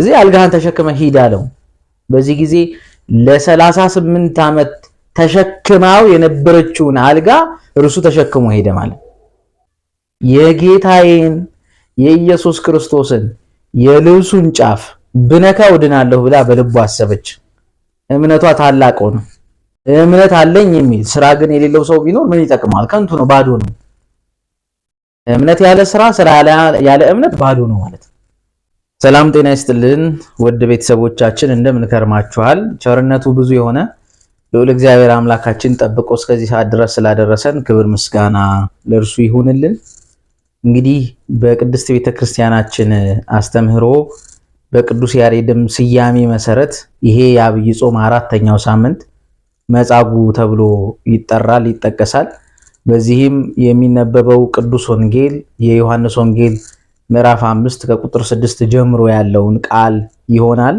እዚህ አልጋህን ተሸክመ ሂድ አለው። በዚህ ጊዜ ለሰላሳ 38 ዓመት ተሸክማው የነበረችውን አልጋ እርሱ ተሸክሞ ሄደ ማለት የጌታዬን የኢየሱስ ክርስቶስን የልብሱን ጫፍ ብነካ ድናለሁ ብላ በልቡ አሰበች። እምነቷ ታላቅ ሆነ። እምነት አለኝ የሚል ስራ ግን የሌለው ሰው ቢኖር ምን ይጠቅማል? ከንቱ ነው፣ ባዶ ነው። እምነት ያለ ስራ፣ ስራ ያለ እምነት ባዶ ነው ማለት ሰላም ጤና ይስጥልን ውድ ቤተሰቦቻችን እንደምን ከርማችኋል? ቸርነቱ ብዙ የሆነ ልዑል እግዚአብሔር አምላካችን ጠብቆ እስከዚህ ሰዓት ድረስ ስላደረሰን ክብር ምስጋና ለእርሱ ይሁንልን። እንግዲህ በቅድስት ቤተ ክርስቲያናችን አስተምህሮ በቅዱስ ያሬድም ስያሜ መሰረት ይሄ የአብይ ጾም አራተኛው ሳምንት መጻጉዕ ተብሎ ይጠራል፣ ይጠቀሳል። በዚህም የሚነበበው ቅዱስ ወንጌል የዮሐንስ ወንጌል ምዕራፍ አምስት ከቁጥር ስድስት ጀምሮ ያለውን ቃል ይሆናል።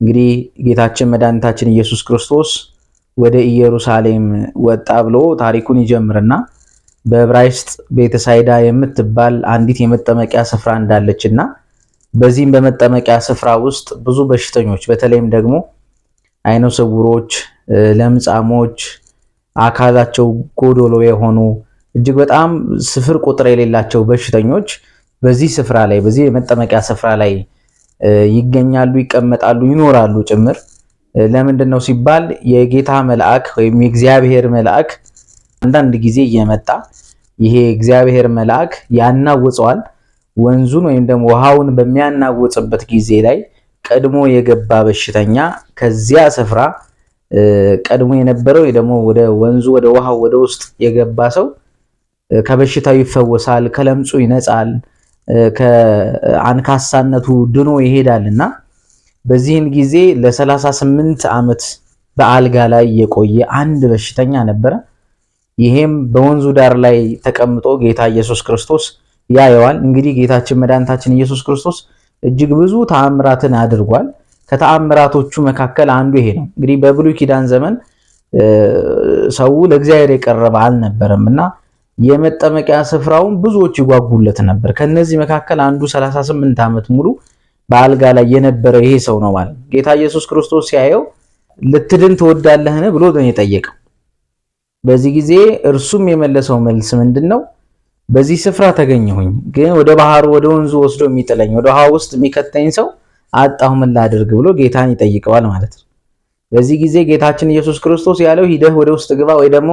እንግዲህ ጌታችን መድኃኒታችን ኢየሱስ ክርስቶስ ወደ ኢየሩሳሌም ወጣ ብሎ ታሪኩን ይጀምርና በዕብራይስጥ ቤተሳይዳ የምትባል አንዲት የመጠመቂያ ስፍራ እንዳለች እና በዚህም በመጠመቂያ ስፍራ ውስጥ ብዙ በሽተኞች በተለይም ደግሞ አይነ ስውሮች፣ ለምጻሞች፣ አካላቸው ጎዶሎ የሆኑ እጅግ በጣም ስፍር ቁጥር የሌላቸው በሽተኞች በዚህ ስፍራ ላይ በዚህ የመጠመቂያ ስፍራ ላይ ይገኛሉ፣ ይቀመጣሉ፣ ይኖራሉ ጭምር። ለምንድን ነው ሲባል የጌታ መልአክ ወይም የእግዚአብሔር መልአክ አንዳንድ ጊዜ እየመጣ ይሄ እግዚአብሔር መልአክ ያናውጸዋል። ወንዙን ወይም ደግሞ ውሃውን በሚያናውጽበት ጊዜ ላይ ቀድሞ የገባ በሽተኛ ከዚያ ስፍራ ቀድሞ የነበረው ደግሞ ወደ ወንዙ ወደ ውሃው ወደ ውስጥ የገባ ሰው ከበሽታው ይፈወሳል፣ ከለምጹ ይነጻል። ከአንካሳነቱ ድኖ ይሄዳልና በዚህን ጊዜ ለ38 ዓመት በአልጋ ላይ የቆየ አንድ በሽተኛ ነበረ። ይሄም በወንዙ ዳር ላይ ተቀምጦ ጌታ ኢየሱስ ክርስቶስ ያየዋል። እንግዲህ ጌታችን መድኃኒታችን ኢየሱስ ክርስቶስ እጅግ ብዙ ተአምራትን አድርጓል። ከተአምራቶቹ መካከል አንዱ ይሄ ነው። እንግዲህ በብሉይ ኪዳን ዘመን ሰው ለእግዚአብሔር የቀረበ አልነበረም እና የመጠመቂያ ስፍራውን ብዙዎች ይጓጉለት ነበር። ከነዚህ መካከል አንዱ 38 ዓመት ሙሉ በአልጋ ላይ የነበረ ይሄ ሰው ነው ማለት ነው። ጌታ ኢየሱስ ክርስቶስ ሲያየው ልትድን ትወዳለህን ብሎ ነው የጠየቀው። በዚህ ጊዜ እርሱም የመለሰው መልስ ምንድን ነው? በዚህ ስፍራ ተገኘሁኝ፣ ግን ወደ ባህሩ ወደ ወንዙ ወስዶ የሚጥለኝ ወደ ውሃ ውስጥ የሚከተኝ ሰው አጣሁ፣ ምን ላድርግ ብሎ ጌታን ይጠይቀዋል ማለት ነው። በዚህ ጊዜ ጌታችን ኢየሱስ ክርስቶስ ያለው ሂደህ ወደ ውስጥ ግባ ወይ ደግሞ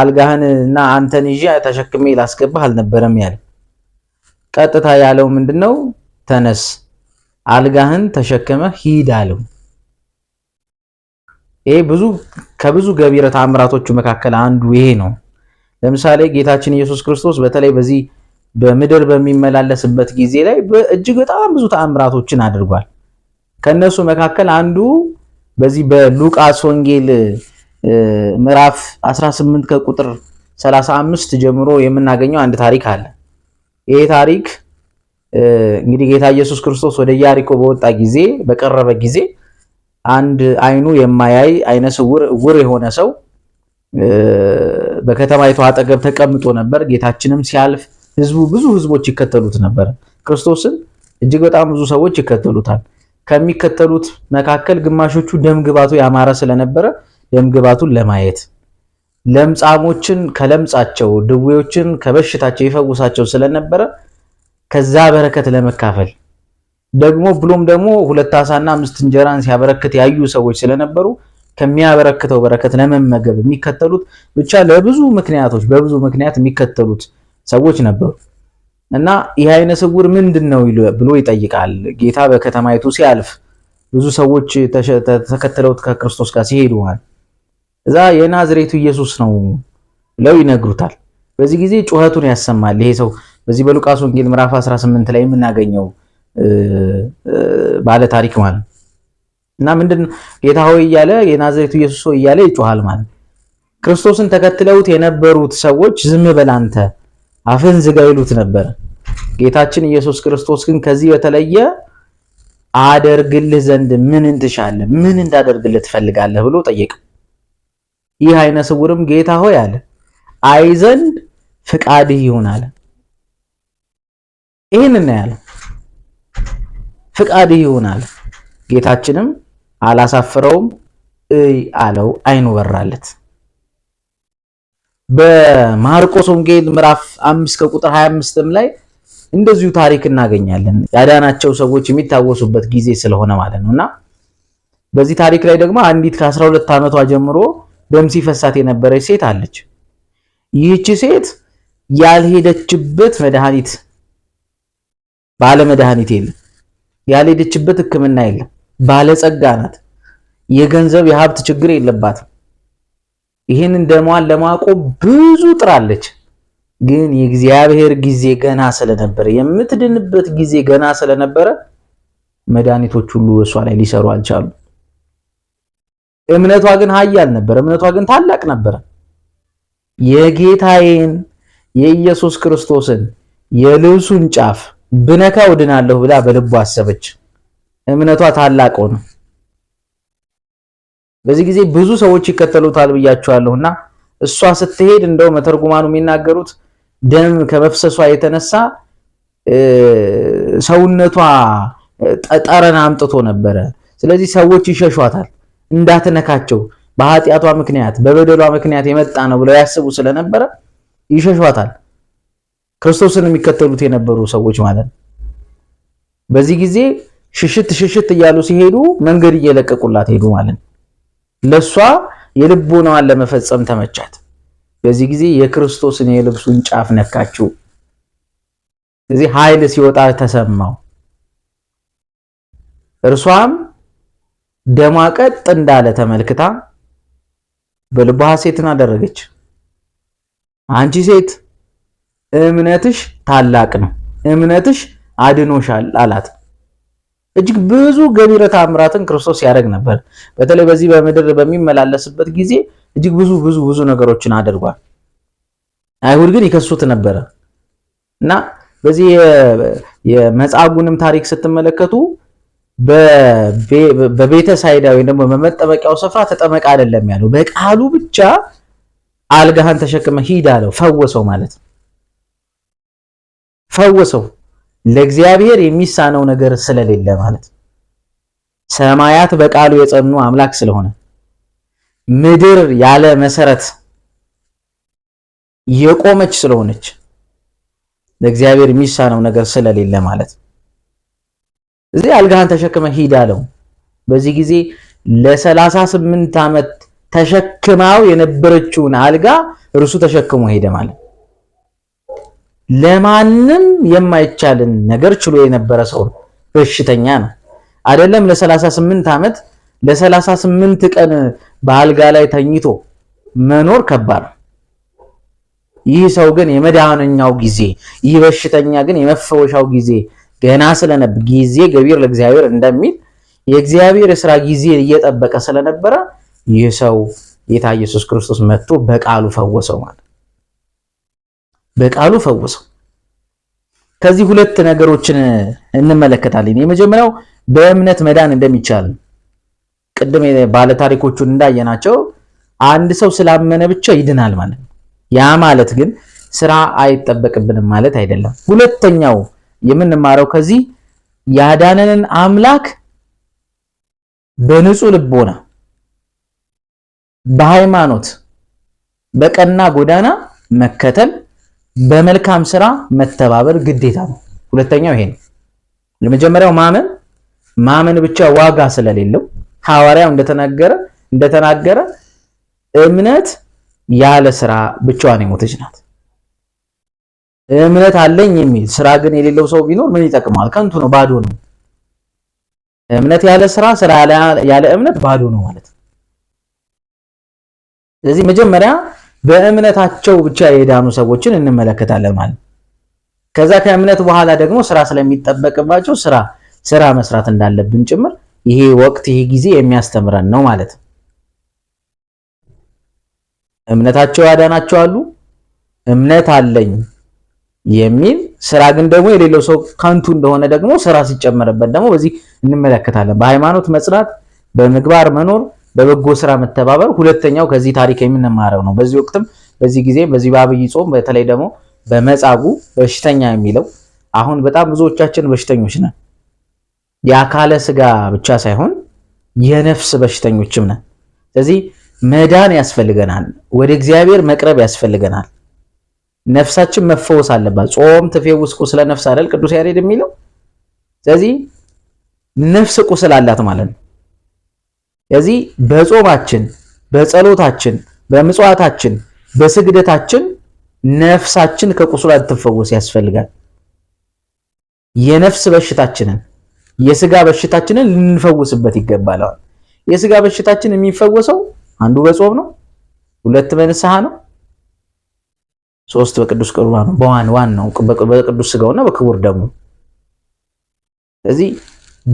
አልጋህን እና አንተን ይዤ ተሸክሜ ላስገባህ አልነበረም ያለ። ቀጥታ ያለው ምንድነው? ተነስ አልጋህን ተሸክመ ሂድ አለው። ይሄ ብዙ ከብዙ ገቢረ ተአምራቶቹ መካከል አንዱ ይሄ ነው። ለምሳሌ ጌታችን ኢየሱስ ክርስቶስ በተለይ በዚህ በምድር በሚመላለስበት ጊዜ ላይ እጅግ በጣም ብዙ ተአምራቶችን አድርጓል። ከነሱ መካከል አንዱ በዚህ በሉቃስ ወንጌል ምዕራፍ 18 ከቁጥር 35 ጀምሮ የምናገኘው አንድ ታሪክ አለ። ይሄ ታሪክ እንግዲህ ጌታ ኢየሱስ ክርስቶስ ወደ ኢያሪኮ በወጣ ጊዜ በቀረበ ጊዜ አንድ አይኑ የማያይ አይነ ስውር እውር የሆነ ሰው በከተማይቱ አጠገብ ተቀምጦ ነበር። ጌታችንም ሲያልፍ ህዝቡ ብዙ ህዝቦች ይከተሉት ነበር። ክርስቶስን እጅግ በጣም ብዙ ሰዎች ይከተሉታል። ከሚከተሉት መካከል ግማሾቹ ደም ግባቱ ያማረ ስለነበረ ደም ለማየት ለምጻሞችን ከለምጻቸው ድዌዎችን ከበሽታቸው ይፈውሳቸው ስለነበረ ከዛ በረከት ለመካፈል ደግሞ ብሎም ደግሞ ሁለት አሳና አምስት እንጀራን ሲያበረክት ያዩ ሰዎች ስለነበሩ ከሚያበረክተው በረከት ለመመገብ የሚከተሉት ብቻ ለብዙ ምክንያቶች በብዙ ምክንያት የሚከተሉት ሰዎች ነበሩ እና ይህ አይነ ስውር ምንድን ነው ብሎ ይጠይቃል ጌታ በከተማይቱ ሲያልፍ ብዙ ሰዎች ተከትለውት ከክርስቶስ ጋር ሲሄዱ ማለት እዛ የናዝሬቱ ኢየሱስ ነው ብለው ይነግሩታል። በዚህ ጊዜ ጩኸቱን ያሰማል። ይሄ ሰው በዚህ በሉቃስ ወንጌል ምዕራፍ 18 ላይ የምናገኘው ባለ ታሪክ ማለት እና ምንድን ጌታ ሆይ እያለ የናዝሬቱ ኢየሱስ ሆይ እያለ ይጮሃል ማለት ክርስቶስን ተከትለውት የነበሩት ሰዎች ዝም በል አንተ ዝጋ ይሉት ነበር። ጌታችን ኢየሱስ ክርስቶስ ግን ከዚህ በተለየ አደርግልህ ዘንድ ምን እንትሻለህ? ምን እንዳደርግልህ ትፈልጋለህ ብሎ ጠየቀው። ይህ አይነ ስውርም ጌታ ሆይ አለ አይ ዘንድ ፍቃድህ ይሁን አለ። ይህን እናያለን። ፍቃድህ ይሁን አለ። ጌታችንም አላሳፍረውም እይ አለው፣ አይኑ በራለት። በማርቆስ ወንጌል ምዕራፍ 5 ከቁጥር 25ም ላይ እንደዚሁ ታሪክ እናገኛለን። ያዳናቸው ሰዎች የሚታወሱበት ጊዜ ስለሆነ ማለት ነውና በዚህ ታሪክ ላይ ደግሞ አንዲት ከ12 ዓመቷ ጀምሮ ደም ሲፈሳት የነበረች ሴት አለች። ይህች ሴት ያልሄደችበት መድኃኒት ባለ መድኃኒት የለም፣ ያልሄደችበት ሕክምና የለም። ባለጸጋ ናት። የገንዘብ የሀብት ችግር የለባትም። ይህንን ደሟን ለማቆም ብዙ ጥራለች። ግን የእግዚአብሔር ጊዜ ገና ስለነበረ የምትድንበት ጊዜ ገና ስለነበረ መድኃኒቶች ሁሉ እሷ ላይ ሊሰሩ አልቻሉም። እምነቷ ግን ኃያል ነበር። እምነቷ ግን ታላቅ ነበር። የጌታዬን የኢየሱስ ክርስቶስን የልብሱን ጫፍ ብነካው ድናለሁ ብላ በልቧ አሰበች። እምነቷ ታላቅ ሆነ። በዚህ ጊዜ ብዙ ሰዎች ይከተሉታል ብያቸዋለሁና እሷ ስትሄድ እንደው መተርጉማኑ የሚናገሩት ደም ከመፍሰሷ የተነሳ ሰውነቷ ጠረን አምጥቶ ነበረ። ስለዚህ ሰዎች ይሸሿታል። እንዳትነካቸው በኃጢአቷ ምክንያት በበደሏ ምክንያት የመጣ ነው ብለው ያስቡ ስለነበረ ይሸሿታል። ክርስቶስን የሚከተሉት የነበሩ ሰዎች ማለት ነው። በዚህ ጊዜ ሽሽት ሽሽት እያሉ ሲሄዱ መንገድ እየለቀቁላት ሄዱ ማለት ነው። ለእሷ የልቦናዋን ለመፈጸም ተመቻት። በዚህ ጊዜ የክርስቶስን የልብሱን ጫፍ ነካችው። እዚህ ኃይል ሲወጣ ተሰማው። እርሷም ደማቀጥ ቀጥ እንዳለ ተመልክታ በልቧ ሐሴትን አደረገች። አንቺ ሴት እምነትሽ ታላቅ ነው፣ እምነትሽ አድኖሻል አላት። እጅግ ብዙ ገቢረ ተአምራትን ክርስቶስ ያደርግ ነበር። በተለይ በዚህ በምድር በሚመላለስበት ጊዜ እጅግ ብዙ ብዙ ብዙ ነገሮችን አድርጓል። አይሁድ ግን ይከሱት ነበረ እና በዚህ የመጻጉንም ታሪክ ስትመለከቱ በቤተ ሳይዳ ወይም ደግሞ በመጠመቂያው ስፍራ ተጠመቅ አይደለም ያለው፣ በቃሉ ብቻ አልጋህን ተሸክመ ሂድ አለው። ፈወሰው ማለት ነው። ፈወሰው ለእግዚአብሔር የሚሳነው ነገር ስለሌለ ማለት ነው። ሰማያት በቃሉ የጸኑ አምላክ ስለሆነ ምድር ያለ መሰረት የቆመች ስለሆነች ለእግዚአብሔር የሚሳነው ነገር ስለሌለ ማለት ነው። እዚህ አልጋህን ተሸክመ ሂድ አለው። በዚህ ጊዜ ለሰላሳ ስምንት ዓመት ተሸክማው የነበረችውን አልጋ እርሱ ተሸክሞ ሄደ ማለት ለማንም የማይቻልን ነገር ችሎ የነበረ ሰው በሽተኛ ነው። አይደለም ለሰላሳ ስምንት ዓመት ለሰላሳ ስምንት ቀን በአልጋ ላይ ተኝቶ መኖር ከባድ ነው። ይህ ሰው ግን የመዳኛው ጊዜ፣ ይህ በሽተኛ ግን የመፈወሻው ጊዜ ገና ስለነበር ጊዜ ገቢር ለእግዚአብሔር እንደሚል የእግዚአብሔር የስራ ጊዜ እየጠበቀ ስለነበረ ይህ ሰው ጌታ ኢየሱስ ክርስቶስ መጥቶ በቃሉ ፈወሰው ማለት በቃሉ ፈወሰው። ከዚህ ሁለት ነገሮችን እንመለከታለን። የመጀመሪያው በእምነት መዳን እንደሚቻል ቅድም ባለ እንዳየናቸው አንድ ሰው ስላመነ ብቻ ይድናል ማለት ያ ማለት ግን ስራ አይጠበቅብንም ማለት አይደለም። ሁለተኛው የምንማረው ከዚህ ያዳነንን አምላክ በንጹህ ልቦና በሃይማኖት በቀና ጎዳና መከተል በመልካም ስራ መተባበር ግዴታ ነው። ሁለተኛው ይሄ ነው። ለመጀመሪያው ማመን ማመን ብቻ ዋጋ ስለሌለው ሐዋርያው እንደተናገረ እንደተናገረ እምነት ያለ ስራ ብቻዋን የሞተች ናት። እምነት አለኝ የሚል ስራ ግን የሌለው ሰው ቢኖር ምን ይጠቅማል? ከንቱ ነው፣ ባዶ ነው። እምነት ያለ ስራ፣ ስራ ያለ እምነት ባዶ ነው ማለት ነው። ስለዚህ መጀመሪያ በእምነታቸው ብቻ የዳኑ ሰዎችን እንመለከታለን ማለት ነው። ከዛ ከእምነት በኋላ ደግሞ ስራ ስለሚጠበቅባቸው ስራ ስራ መስራት እንዳለብን ጭምር ይሄ ወቅት ይሄ ጊዜ የሚያስተምረን ነው ማለት ነው። እምነታቸው ያዳናቸው አሉ። እምነት አለኝ የሚል ስራ ግን ደግሞ የሌለው ሰው ከንቱ እንደሆነ ደግሞ ስራ ሲጨመርበት ደግሞ በዚህ እንመለከታለን። በሃይማኖት መጽናት፣ በምግባር መኖር፣ በበጎ ስራ መተባበር ሁለተኛው ከዚህ ታሪክ የምንማረው ነው። በዚህ ወቅትም በዚህ ጊዜ በዚህ በአብይ ጾም በተለይ ደግሞ በመጻጉ በሽተኛ የሚለው አሁን በጣም ብዙዎቻችን በሽተኞች ነን። የአካለ ስጋ ብቻ ሳይሆን የነፍስ በሽተኞችም ነን። ስለዚህ መዳን ያስፈልገናል። ወደ እግዚአብሔር መቅረብ ያስፈልገናል። ነፍሳችን መፈወስ አለባት። ጾም ትፌውስ ቁስለ ነፍስ አይደል ቅዱስ ያሬድ የሚለው። ስለዚህ ነፍስ ቁስል አላት ማለት ነው። ስለዚህ በጾማችን፣ በጸሎታችን፣ በምጽዋታችን፣ በስግደታችን ነፍሳችን ከቁስሉ አትፈወስ ያስፈልጋል። የነፍስ በሽታችንን የስጋ በሽታችንን ልንፈውስበት ይገባል። የስጋ በሽታችን የሚፈወሰው አንዱ በጾም ነው፣ ሁለት በንስሐ ነው ሶስት በቅዱስ ቁርባን በዋን ዋን ነው በቅዱስ ስጋውና በክቡር ደሙ። ስለዚህ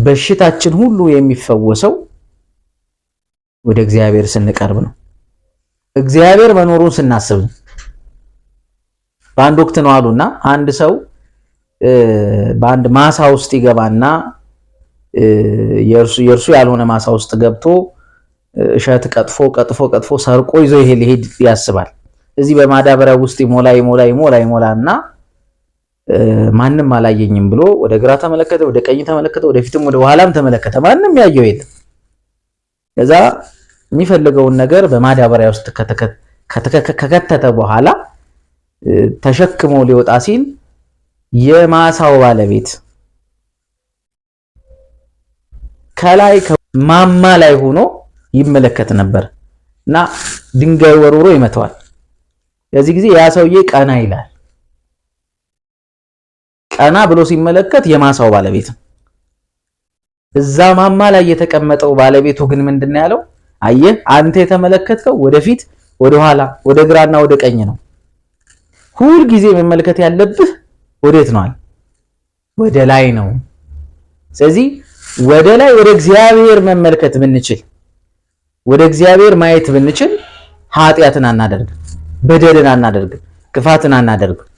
በሽታችን ሁሉ የሚፈወሰው ወደ እግዚአብሔር ስንቀርብ ነው። እግዚአብሔር መኖሩን ስናስብ በአንድ ወቅት ነው አሉና አንድ ሰው በአንድ ማሳ ውስጥ ይገባና የእርሱ ያልሆነ ማሳ ውስጥ ገብቶ እሸት ቀጥፎ ቀጥፎ ቀጥፎ ሰርቆ ይዞ ይሄ ሊሄድ ያስባል። እዚህ በማዳበሪያ ውስጥ ይሞላ ይሞላ ይሞላ ይሞላ እና ማንም አላየኝም ብሎ ወደ ግራ ተመለከተ፣ ወደ ቀኝ ተመለከተ፣ ወደፊትም ወደ ኋላም ተመለከተ። ማንም ያየው የለም። ከዛ የሚፈልገውን ነገር በማዳበሪያ ውስጥ ከከተተ በኋላ ተሸክሞ ሊወጣ ሲል የማሳው ባለቤት ከላይ ማማ ላይ ሆኖ ይመለከት ነበር እና ድንጋይ ወርውሮ ይመተዋል። በዚህ ጊዜ ያ ሰውዬ ቀና ይላል። ቀና ብሎ ሲመለከት የማሳው ባለቤት ነው። እዛ ማማ ላይ የተቀመጠው ባለቤቱ ግን ምንድነው ያለው? አየህ አንተ የተመለከትከው ወደፊት፣ ወደኋላ፣ ወደ ግራና ወደ ቀኝ ነው። ሁል ጊዜ መመልከት ያለብህ ወዴት ነው? ወደ ላይ ነው። ስለዚህ ወደ ላይ ወደ እግዚአብሔር መመልከት ብንችል፣ ወደ እግዚአብሔር ማየት ብንችል ኃጢአትን አናደርግም። በደልን አናደርግም፣ ክፋትን አናደርግም።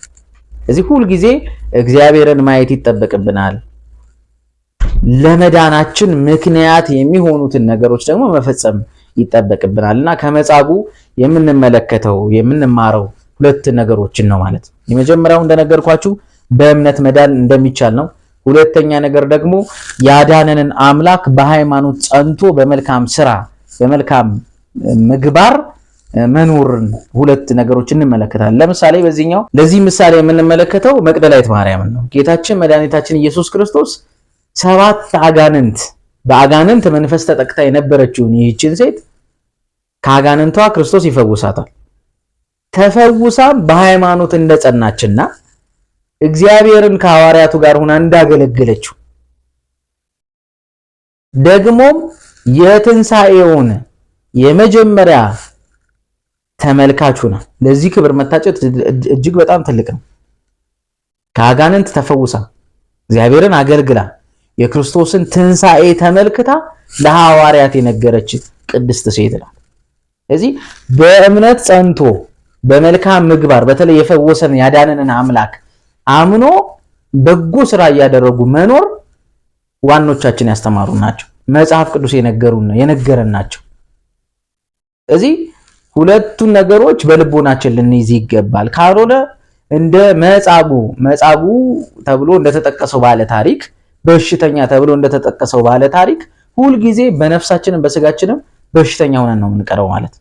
እዚህ ሁልጊዜ እግዚአብሔርን ማየት ይጠበቅብናል። ለመዳናችን ምክንያት የሚሆኑትን ነገሮች ደግሞ መፈጸም ይጠበቅብናል እና ከመጻጉ የምንመለከተው የምንማረው ሁለት ነገሮችን ነው ማለት ነው። የመጀመሪያው እንደነገርኳችሁ በእምነት መዳን እንደሚቻል ነው። ሁለተኛ ነገር ደግሞ ያዳነንን አምላክ በሃይማኖት ጸንቶ በመልካም ስራ በመልካም ምግባር መኖርን ሁለት ነገሮች እንመለከታለን። ለምሳሌ በዚህኛው ለዚህ ምሳሌ የምንመለከተው መቅደላዊት ማርያምን ነው። ጌታችን መድኃኒታችን ኢየሱስ ክርስቶስ ሰባት አጋንንት በአጋንንት መንፈስ ተጠቅታ የነበረችውን ይህችን ሴት ከአጋንንቷ ክርስቶስ ይፈውሳታል። ተፈውሳም በሃይማኖት እንደጸናችና እግዚአብሔርን ከሐዋርያቱ ጋር ሆና እንዳገለገለችው ደግሞም የትንሣኤውን የመጀመሪያ ተመልካቹ ነው። ለዚህ ክብር መታጨት እጅግ በጣም ትልቅ ነው። ከአጋንንት ተፈውሳ እግዚአብሔርን አገልግላ የክርስቶስን ትንሣኤ ተመልክታ ለሐዋርያት የነገረች ቅድስት ሴት ናት። እዚህ በእምነት ጸንቶ በመልካም ምግባር በተለይ የፈወሰን ያዳነንን አምላክ አምኖ በጎ ስራ እያደረጉ መኖር ዋኖቻችን ያስተማሩ ናቸው። መጽሐፍ ቅዱስ የነገሩን የነገረን ናቸው። እዚህ ሁለቱን ነገሮች በልቦናችን ልንይዝ ይገባል። ካልሆነ እንደ መጻጉ መጻጉ ተብሎ እንደተጠቀሰው ባለ ታሪክ በሽተኛ ተብሎ እንደተጠቀሰው ባለ ታሪክ ሁልጊዜ በነፍሳችንም በስጋችንም በሽተኛ ሆነን ነው የምንቀረው ማለት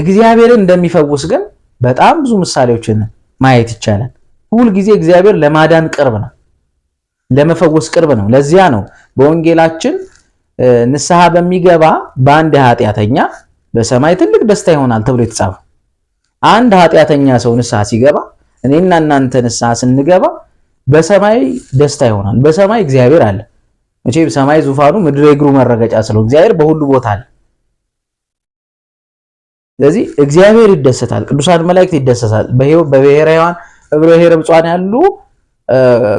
እግዚአብሔርን እንደሚፈውስ ግን በጣም ብዙ ምሳሌዎችን ማየት ይቻላል። ሁልጊዜ እግዚአብሔር ለማዳን ቅርብ ነው፣ ለመፈወስ ቅርብ ነው። ለዚያ ነው በወንጌላችን ንስሐ በሚገባ በአንድ ኃጢአተኛ በሰማይ ትልቅ ደስታ ይሆናል ተብሎ የተጻፈ አንድ ኃጢአተኛ ሰው ንስሐ ሲገባ እኔና እናንተ ንስሐ ስንገባ በሰማይ ደስታ ይሆናል። በሰማይ እግዚአብሔር አለ። መቼም ሰማይ ዙፋኑ፣ ምድር የእግሩ መረገጫ ስለው እግዚአብሔር በሁሉ ቦታ አለ። ስለዚህ እግዚአብሔር ይደሰታል፣ ቅዱሳን መላእክት ይደሰታል፣ በብሔራውያን በብሔረ ብፁዓን ያሉ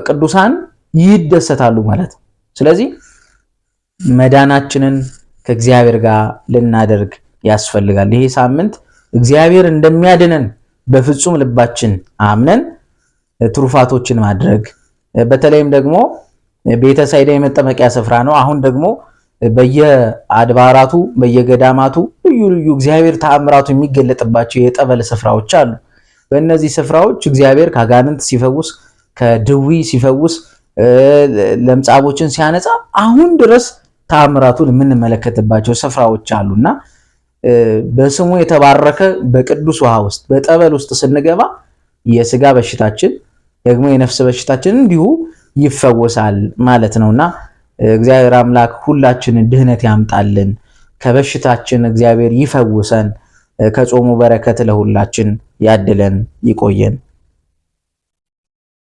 ቅዱሳን ይደሰታሉ ማለት ስለዚህ መዳናችንን ከእግዚአብሔር ጋር ልናደርግ ያስፈልጋል። ይሄ ሳምንት እግዚአብሔር እንደሚያድነን በፍጹም ልባችን አምነን ትሩፋቶችን ማድረግ በተለይም ደግሞ ቤተሳይዳ የመጠመቂያ ስፍራ ነው። አሁን ደግሞ በየአድባራቱ በየገዳማቱ ልዩ ልዩ እግዚአብሔር ተአምራቱ የሚገለጥባቸው የጠበል ስፍራዎች አሉ። በእነዚህ ስፍራዎች እግዚአብሔር ከአጋንንት ሲፈውስ፣ ከድዊ ሲፈውስ፣ ለምጻሞችን ሲያነጻ አሁን ድረስ ተአምራቱን የምንመለከትባቸው ስፍራዎች አሉና በስሙ የተባረከ በቅዱስ ውሃ ውስጥ በጠበል ውስጥ ስንገባ የስጋ በሽታችን ደግሞ የነፍስ በሽታችን እንዲሁ ይፈወሳል ማለት ነውና እግዚአብሔር አምላክ ሁላችንን ድህነት ያምጣልን፣ ከበሽታችን እግዚአብሔር ይፈውሰን፣ ከጾሙ በረከት ለሁላችን ያድለን፣ ይቆየን።